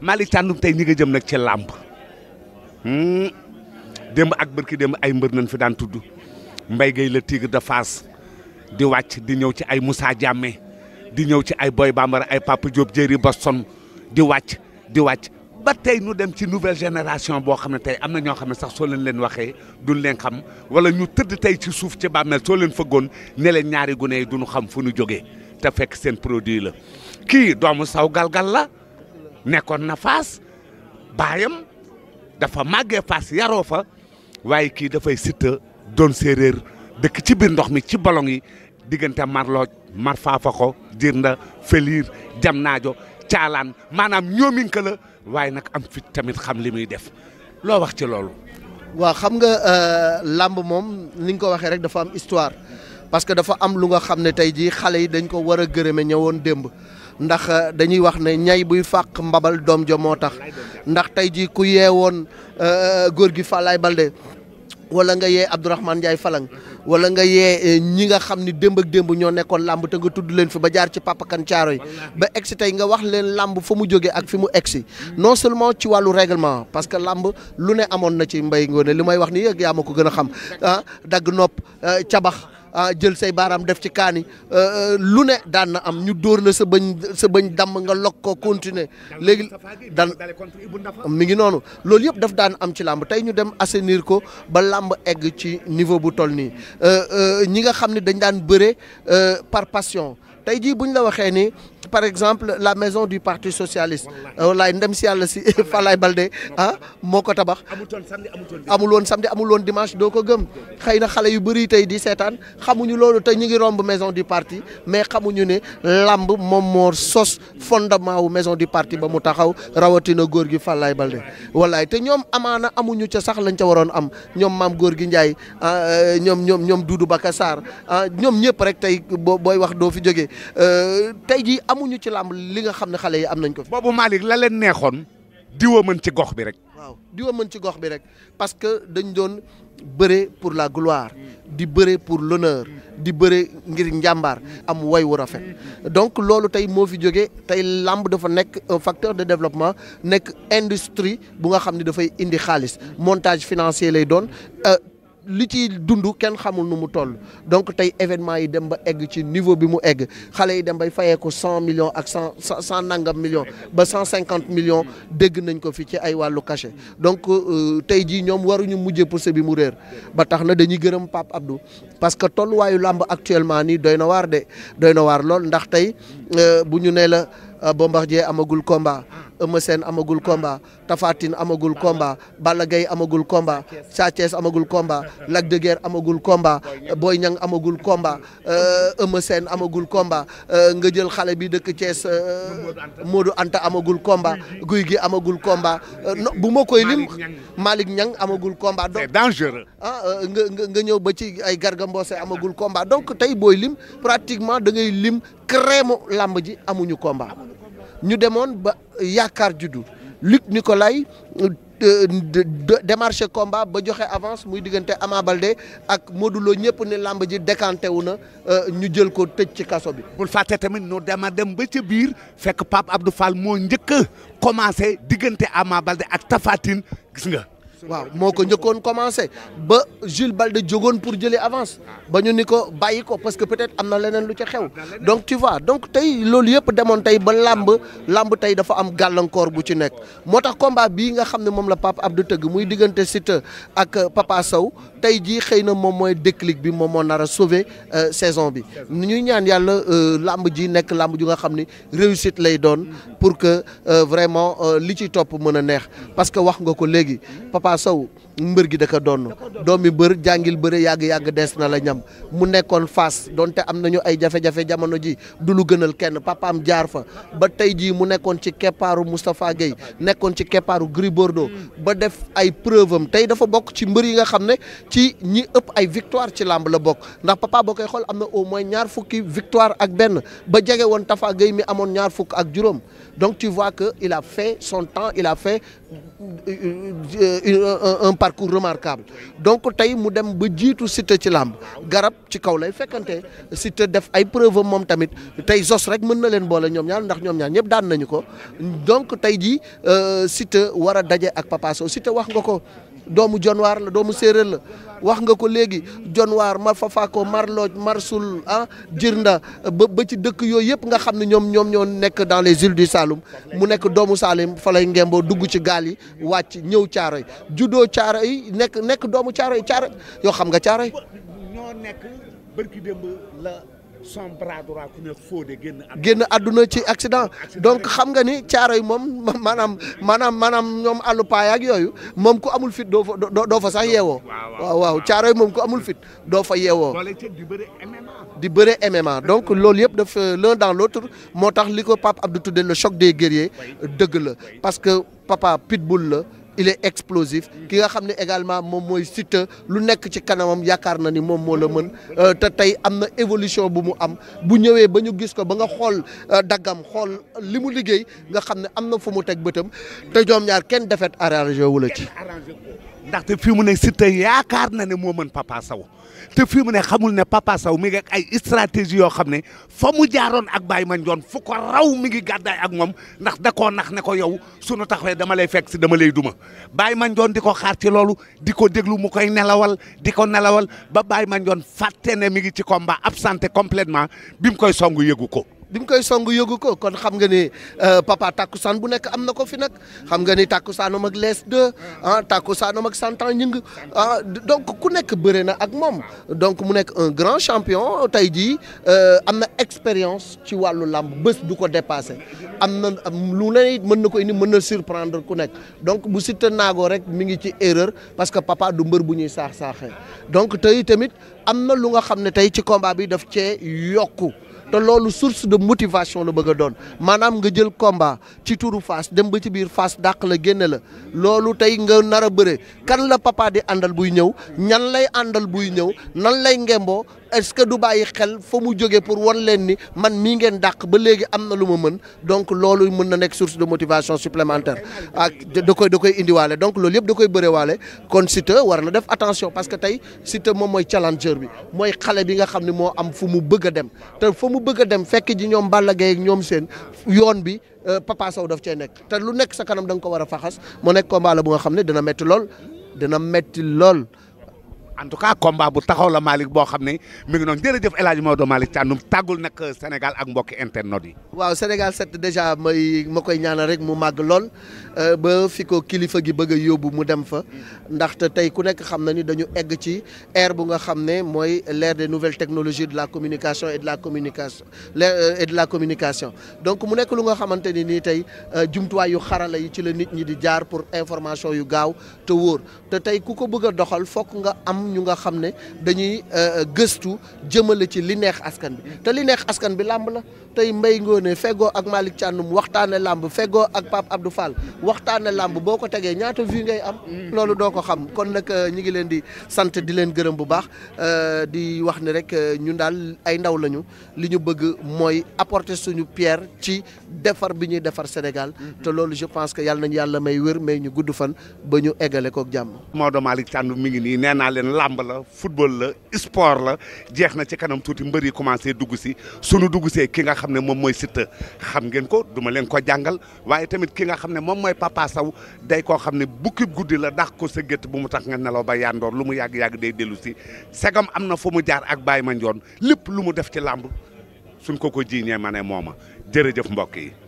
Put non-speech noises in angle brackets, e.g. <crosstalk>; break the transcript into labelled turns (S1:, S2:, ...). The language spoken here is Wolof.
S1: Malick Thiandoum tey ñi nga jëm nag ci làmb hmm. démb ak bërki démb ay mbër nañ fi daan tudd Mbaye Gueye la Tigre de fas di wàcc di ñëw ci ay Moussa jàmme di ñëw ci ay Boy Bambara ay Papa Diop Jerry Boston di wàcc di wàcc ba tey nu dem ci nouvelle génération boo xam ne tey am na ñoo xam ne sax soo leen leen waxee duñ leen xam wala ñu tëdd tey ci suuf ci bàmmeel soo leen fëggoon ne leen ñaari gune yi duñu xam fu nu jóge te fekk seen produit la kii doomu saw galgal la nekkoon na Fass baayam dafa màggee Fass yaroo fa waaye kii dafay Siteu doon séeréer dëkk ci biir ndox mi ci bolong yi diggante Marlooj Mar Faafako Jirnda jam naajo Caalaan maanaam ñoominka la
S2: waaye nag am fit tamit xam li muy def loo wax ci loolu. waa xam nga euh, làmb moom niñ ko waxee rek dafa am histoire parce que dafa am lu nga xam ne tey jii xale yi dañ ko war a gërëme woon démb. ndax euh, dañuy wax ne ñay buy fàq mbabal doom jo moo tax ndax tey jii ku yeewoon euh, euh, góor gi Falaye Balde wala nga yee Abdourahmane Ndiaye Falang wala nga yee ñi nga xam ni démb ak démb ñoo nekkoon làmb te nga tudd leen fi ba jaar ci Papa Kan Caaro yi ba egsi tey nga wax leen làmb fa mu jógee ak fi mu egsi non seulement ci wàllu règlement parce que làmb lu ne amoon na ci mbay ngoone li may wax ni yëg yaa ma ko gën a xam ah dagg nopp cabax ah jël say baaraam def ci kaani euh, euh, lu ne daan am ñu dóor na sa bañ sa bëñ dàmm nga lok ko continuer léegi daan mi ngi noonu loolu yëpp daf daan am ci làmb tey ñu dem assenir ko ba làmb egg ci niveau bu toll nii euh, ñi nga xam ne dañ daan bëre par passion tey jii bu ñu la waxee ni par exemple la maison du partie socialiste wallaay euh, ndem si yàlla si <laughs> Falaye Balde ah moo ko tabax amul woon samedi amul woon dimanche doo ko gëm xëy na xale yu bëri tey di seetaan xamuñu loolu te ñu ngi romb maison du parti mais xamuñu ne làmb moom moo sos fondement wu maison du parti ba mu taxaw rawatina góor gi Falaye Balde wallaay te ñoom amaana amuñu ca sax lañ ca waroon am ñoom maam góor gi Ndiaye ah, ñoom ñoom ñoom Doudou Baka ah ñoom ñëpp rek tey boo booy wax doo fi jógee Euh, tey jii amuñu ci làmb li nga xam ne xale yi am nañ ko fi. boobu Malick la leen neexoon diwa mën ci gox bi rek. waaw diwa mën ci gox bi rek parce que dañ doon bëre pour la gloire. di bëre pour l'honneur di bëre ngir njàmbaar am way wu rafet donc loolu tey moo fi jógee tey làmb dafa nekk un facteur de développement nekk industrie bu nga xam ne dafay indi xaalis montage financier lay doon. Euh, li ci dund kenn xamul nu mu toll donc tey événement yi dem ba egg ci niveau bi mu egg xale yi dem bay fayeeku cent millions ak cent cent nangam million ba cent cinquante million dégg nañ ko fi ci ay wàllu cachet donc euh, tey jii ñoom waruñu mujjee poussé bi mu réer ba tax na dañuy gërëm Pape Abdou parce que tolluwaayu làmb actuellement nii doy na waar de doy na waar lool ndax tey euh, bu ñu nee la euh, Bombardier amagul komba Eumeu Sène amagul combat Tapha Tine amagul komba Balla Gaye amagul combat Sa Thiès amagul komba Lac de amagul combat Boy Niang amagul komba Eumeu Sène amagul combat nga jël xale bi dëkk Thiès modo Anta amagul combat Guy gi amagul komba bu ma koy lim Malick Niang amagul combat donc nga ñëw ba ci ay Garga Mbossé amagul combat donc tey booy lim pratiquement da ngay lim crème lamb ji amuñu komba ñu demoon ba yaakaar juddu Luc Nicolaï euh, démarché combat ba joxe avance muy diggante Ama Baldé ak Modou Lo ñëpp ne làmb ji décanté wu na euh, ñu jël ko tëj ci kaso bi. bul fàtte tamit no dama dem ba ca biir fekk Pape Abdou Fall moo njëkk a commencé diggante Ama Baldé ak Tapha gis nga. waaw moo ko njëkkoon commencé ba Jules Balde jógoon pour jëlee avance ba ñu ni ko bàyyi ko parce que peut-être am na leneen lu ci xew donc tu vois donc tey loolu yëpp demoon tey ba làmb làmb tey dafa am gàllankoor bu ci nekk moo tax combat bii nga xam ne moom la Pape Abdou tëgg muy diggante Siteu ak Papa Sow tey jii xëy na moom mooy déclic bi moom moo nar a sauver euh, saison bi ñuy ñaan yàlla euh, làmb ji nekk làmb ju nga xam ni réussite lay doon pour que euh, vraiment li ci topp mën a neex parce que wax nga ko léegi Papa Sow mbër gi da ko doon doomi bër jàngil bëre yàgg-yàgg des na la ñam mu nekkoon Fass donte am na ñu ay jafe-jafe jamono ji du lu gënal kenn papaam jaar fa ba tey jii mu nekkoon ci keppaaru Moustapha Gueye nekkoon ci keppaaru Gris Bordeaux ba def ay preuve tey dafa bokk ci mbër yi nga xam ne ci ñii ëpp ay victoire ci làmb la bokk ndax papa boo koy xool am na au moins ñaar fukki victoire ak benn ba jege woon Tafa Gueye mi amoon ñaar fukk ak juróom Donc tu vois qu'il a fait son temps, il a fait euh, euh, euh, un parcours remarquable. Donc tey mu dem ba jiitu Siteu ci làmb garab ci kaw lay fekkante Siteu def ay preuve moom tamit tey Zoss rek mën na leen boole ñoom ñaar ndax ñoom ñaar ñëpp daan nañu ko donc tey jii Siteu war a daje ak Papa Sow Siteu wax nga ko doomu jonwaar la doomu séeréer la wax nga ko léegi jonwaar mar fafaako mar looj mar sul ah jirnda ba ba ci dëkk yooyu yëpp nga xam ne ñoom ñoom nekk dans les îles du Saloum Saalum mu nekk doomu Saalum fa lay ngemboo dugg ci gaal yi wàcc ñëw caaro yi juddoo caaro yi nekk nekk doomu caaro yi caaro yoo xam nga caaro yi.
S1: nekk son bras génn
S2: àdduna génn àdduna ci accident donc xam nga ni caaro yi moom maanaam maanaam maanaam ñoom àllu paay ak yooyu moom ku amul fit doo fa doo fa sax yeewoo. waaw waaw caaro yi moom ku amul fit doo fa yeewoo.
S1: di bëre MMA.
S2: di bëre MMA donc loolu yëpp daf euh, l'un dans l'autre moo tax li ko pap Abdou tuddee le choc des guerriers dëgg la parce que papa pitbull la. il est explosif ki nga xam ne également moom mooy Siteu lu nekk ci kanamam yaakaar na ni moom moo la mën euh, te tey am na évolution bu mu am bu ñëwee ba ñu gis ko ba nga xool euh, daggam xool li mu liggéey nga xam ne am na fu mu teg bëtam te ñoom ñaar kenn defet arrangé wula la ci ndaxte fii mu ne Siteu yaakaar na
S1: ne moo mën Papa Sow te fii mu ne xamul ne Papa Sow mi ngi ay stratégie yoo xam ne fa mu jaaroon ak Baye Mandione fu ko raw mi ngi gàddaay ak moom ndax da koo nax ne ko yow sunu taxawee dama lay fekk si dama lay duma Baye Mandione di ko xaar ci loolu di ko déglu mu koy nelawal di ko nelawal ba Baye Mandione fàtte ne mi ngi ci combat absenté complètement bi mu koy songu
S2: yëgu ko bi mu koy song yogu ko kon xam nga ni euh, papa takkusaan bu nekk am na ko fi nag xam nga ni takkusaanam mag lees deux ah takkusaanam ak santan ñing ah donc ku nekk bëre na ak moom donc mu nekk un grand champion tey jii euh, am na expérience ci wàllu làmb bés du ko dépassé am na lu ne mën na ko indi mën na surprendre ku nekk donc bu Siteu naagoo rek mi ngi ci erreur parce que papa du bu ñuy saax saaxee donc tey tamit am na lu nga xam ne tey ci combat bi daf cee yokku. te loolu source de motivation la bëgg a doon maanaam nga jël komba ci turu Fass dem ba ci biir Fass dàq la génne la loolu tey nga nar a bëre kan la papa àndal buy ñëw ñan lay àndal buy ñëw nan lay ngemboo est-ce que du bàyyi xel fa mu jóge pour wan leen ni man mii ngeen dàq ba léegi am na lu ma mën donc loolu mën na nekk source de motivation supplémentaire ak da koy da koy indiwaale donc loolu yëpp da koy bërewaale kon Siteu war na def attention parce que tey Siteu moom mooy challenger bi mooy xale bi nga xam ne moo am fu mu bëgg a dem te fa mu bëgg dem fekk ji ñoom Balla Gaye ak ñoom seen yoon bi euh, Papa Sow daf cee nekk te lu nekk sa kanam danga ko war a faxas mu nekk combat bu nga xam ne dina metti lool dina metti lool
S1: en tout cas combat bu taxaw la Malick boo xam ne mi ngi noonu jërëjëf El Hadj Maodo Malick Thiandoum tàggul nag euh, Sénégal ak mbokki internet yi.
S2: waaw Sénégal set déjà may ma koy ñaanal rek mu màgg lool euh, ba fi ko kilifa gi bëgg a yóbbu mu dem fa ndaxte tey ku nekk xam na ni dañu egg ci ère bu nga xam ne mooy l'ère des nouvelles technologies de la communication et de la communication euh, et la communication donc mu nekk lu nga xamante ni nii tey jumtuwaay yu xarala yi ci la nit ñi di jaar pour information yu gaaw te wóor te tey ku ko bëgg a doxal fokk nga am. am ñu nga xam ne dañuy euh, euh, gëstu jëmale ci li neex askan bi te li neex askan bi làmb la tey Mbaye Ngoné feggoo ak Malick Thiandoum waxtaane làmb fegoo ak Pape Abdou Fall waxtaane làmb boo ko tegee ñaata vues ngay am mm. loolu doo ko xam kon nag euh, ñi ngi leen di sant di leen gërëm bu baax di wax ne rek ñun daal ay ndaw lañu li ñu bëgg mooy apporter suñu pierre ci defar bi ñuy defar Sénégal mm-hmm. te loolu je pense que yàlla nañu yàlla may wér may ñu gudd fan ba ñu eggale koog jàmm
S1: làmb la football la sport la jeex na ci kanam tuuti mbër yi commencé dugg si sunu dugg see ki nga xam ne moom mooy Siteu xam ngeen ko duma leen ko jàngal waaye tamit ki nga xam ne moom mooy Papa day koo xam ne bukki guddi la dax ko sa gétt bu mu tax nga nelaw ba yandoor lu mu yàgg-yàgg day dellu si segam am na fu mu jaar ak baay Baye Mandione lépp lu mu def ci làmb suñ ko ko jiiñee ma ne mooma jërëjëf mbokk yi